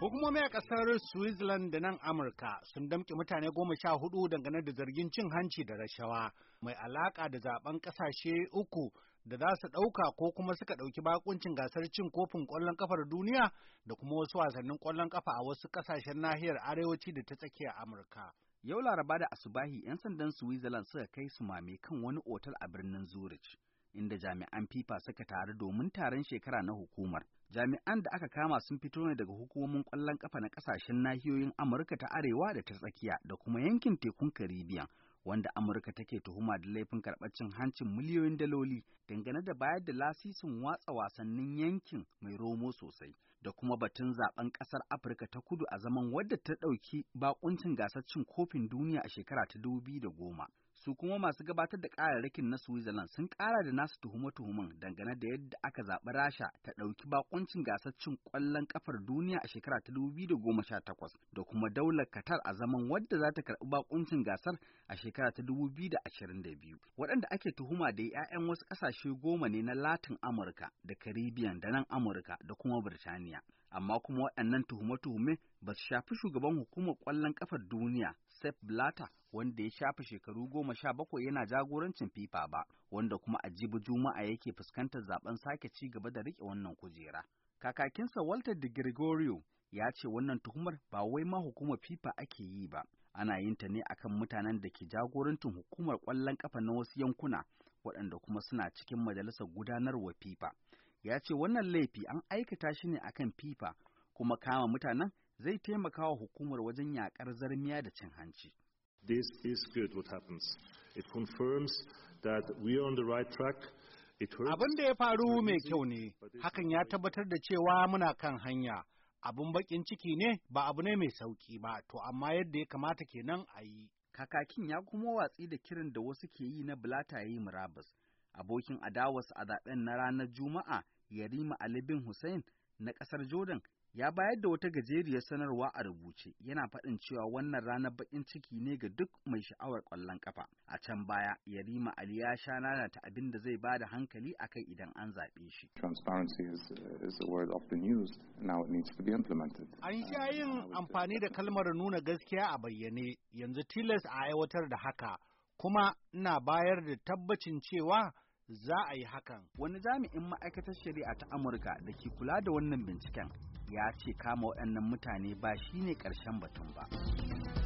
Hukumomi a ƙasar Switzerland da nan Amurka sun damƙe mutane goma sha hudu dangane da zargin cin hanci da rashawa mai alaƙa da zaben ƙasashe uku da za su ɗauka ko kuma suka ɗauki bakuncin gasar cin kofin ƙwallon ƙafar duniya da kuma wasu wasannin ƙwallon ƙafa a wasu ƙasashen nahiyar arewaci da ta tsakiyar Amurka. Yau Laraba da Asubahi 'yan sandan Switzerland suka kai su mame kan wani otal a birnin Zurich, inda jami'an FIFA suka taru domin taron shekara na hukumar. jami'an da aka kama sun fito ne daga hukumomin ƙwallon kafa na ƙasashen nahiyoyin amurka ta arewa da ta tsakiya da kuma yankin tekun karibiyan wanda amurka take tuhuma da laifin karɓar cin hancin miliyoyin daloli dangane da bayar da lasisin watsa wasannin yankin mai romo sosai da kuma batun zaben ƙasar afirka ta kudu a zaman wadda ta ɗauki bakuncin gasar cin kofin duniya a shekara ta dubu da goma su kuma masu gabatar da kararrakin na Switzerland sun kara da nasu tuhuma-tuhuman, dangane da yadda aka zaɓi Rasha ta ɗauki bakuncin gasar cin ƙwallon ƙafar duniya a shekara ta 2018 da kuma daular Katar a zaman wadda za ta karɓi bakuncin gasar a shekara ta 2022. Waɗanda ake tuhuma da 'ya'yan wasu ƙasashe goma ne na Latin Amurka da Caribbean da nan Amurka da kuma Birtaniya. amma kuma waɗannan tuhume-tuhume ba su shafi shugaban hukumar ƙwallon ƙafar duniya (SEF) Blatter wanda ya shafi shekaru goma sha bakwai yana jagorancin FIFA ba, wanda kuma a jibi Juma'a yake fuskantar zaben sake ci gaba da riƙe wannan kujera. Kakakinsa Walter de Gregorio ya ce wannan tuhumar ba wai ma hukumar FIFA ake yi ba, ana yin ta ne akan mutanen da ke jagorancin hukumar ƙwallon ƙafa na wasu yankuna waɗanda kuma suna cikin majalisar gudanarwa FIFA. ya ce wannan laifi an aikata shi ne akan fifa kuma kama mutanen zai taimaka wa hukumar wajen yakar zarmiya da cin hanci. This is good what happens. It confirms that we are on the right track. Abin da ya faru mai kyau ne, hakan ya tabbatar da cewa muna kan hanya. Abin bakin ciki ne ba abu ne mai sauki ba, to amma yadda ya kamata kenan a yi. Kakakin ya kuma watsi da kirin da wasu ke yi na Blata ya yi murabus. abokin adawarsa a zaben na ranar Juma'a Yarima Ali bin Hussein na ƙasar Jordan ya bayar da wata gajeriyar sanarwa a rubuce yana faɗin cewa wannan ranar baƙin ciki ne ga duk mai sha'awar ƙwallon ƙafa a can baya yarima ali ya sha lalata abin da zai ba da hankali akai idan an zaɓe shi transparency is, is a word of the news now it needs to be implemented an sha yin amfani da kalmar nuna gaskiya a bayyane yanzu tilas a aiwatar da haka kuma ina bayar da tabbacin cewa za a yi hakan. Wani jami'in ma'aikatar shari'a ta Amurka da ke kula da wannan binciken ya ce kama waɗannan mutane ba shine ƙarshen batun ba.